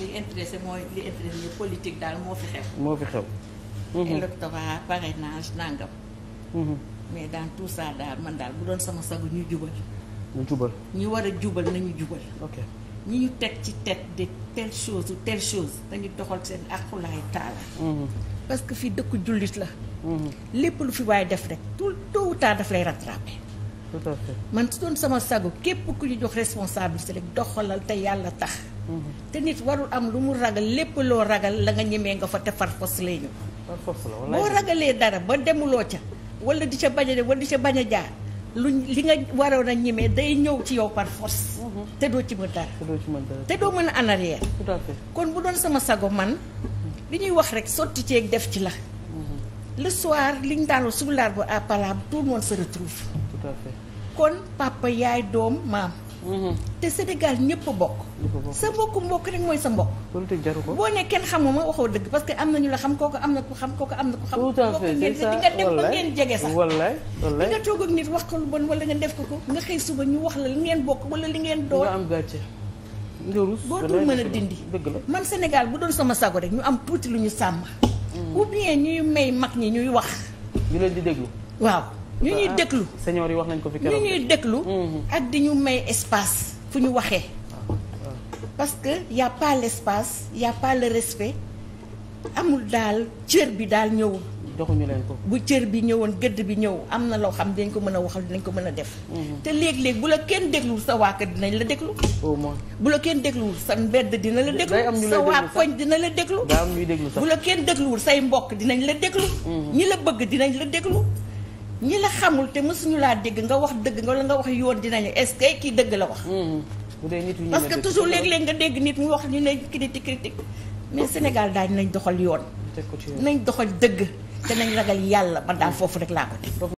li intéressé mooy li intéressé politique daal moo fi xew. moo fi xew. Mhm. électorat parrainage nangam. Mhm. mais daan tout ça daal man daal bu doon sama sagu ñu jubal. ñu jubal ñu war a jubal nañu jubal. ok ñi ñu teg ci tête de telle chose ou telle chose dañu doxal seen akulaay taala. Mhm. parce que fii dëkku jullit la. lépp lu fi waaye def rek tout tôt ou daf lay rattraper. tout à fait man su doon sama sago képp ku ñu jox responsabilité rek doxalal te yàlla tax. Mhm. te nit warul am lu mu ragal lépp loo ragal la nga ñemee nga fa te farfos lay ñu. boo ragalee dara ba demuloo ca. wala di ca bañ a wala di ca bañ a jaar lu li nga waroon a ñemee day ñëw ci yow par force. Mhm. te doo ci mën dara. te doo ci mën dara te doo mën a en arrière. tout kon bu doon sama sago man. li ñuy wax rek sotti ceeg def ci la. Mhm. le soir ñu daanoo suulaar bu à palaab tout le monde retrouve tout à fait kon papa yaay doom maam. Mhm. te Sénégal ñëpp bokk. sa mbokku mbokk rek mooy sa mbokk. politique jaru ko boo ne kenn xamuma waxoo dëgg parce que am na ñu la xam kooku am na ku xam kooku am na ku xam. tout à fait ngeen sax. wallaay def ko ko nga xëy suba ñu wax la li ngeen bokk wala li ngeen doon. boo dul mën a dindi. dëgg la man Sénégal bu doon sama sago rek ñu am tuuti lu ñu sàmm. Mm. ou bien ñuy may mag ñi ñuy wax. ñu leen di déglu waaw ñu ñuy déglu ah, seigneur yi wax nañ ko fi keroog ñu ñuy déglu mm-hmm. ak di ñu may espace fu ñu waxee parce que y a pas l'espace y a pas le respect amul daal cër bi daal ñëwul ko bu cër bi ñëwoon gëdd bi ñëw am na loo xam dañ ko mën a waxal dinañ ko mën a def mm-hmm. te léeg-léeg bu la kenn dégluwul sa waa kër dinañ la déglu au bu la kenn dégluwul sa mbedd dina la déglu sa waa koñ dina la déglu bu la kenn dégluwul say mbokk dinañ la déglu mm-hmm. ñi la bëgg dinañ la déglu ñi la xamul te mësuñu laa dégg nga wax dëgg nga la nga wax yoon dinañu est-ce que kii dëgg la wax. Hmm. bu dee nit parce que toujours léeg-léeg nga dégg nit mu wax ñu ne critique critique mais Sénégal daañu nañ doxal yoon. nañ doxal dëgg te nañ ragal yàlla man daal foofu rek laa ko teg.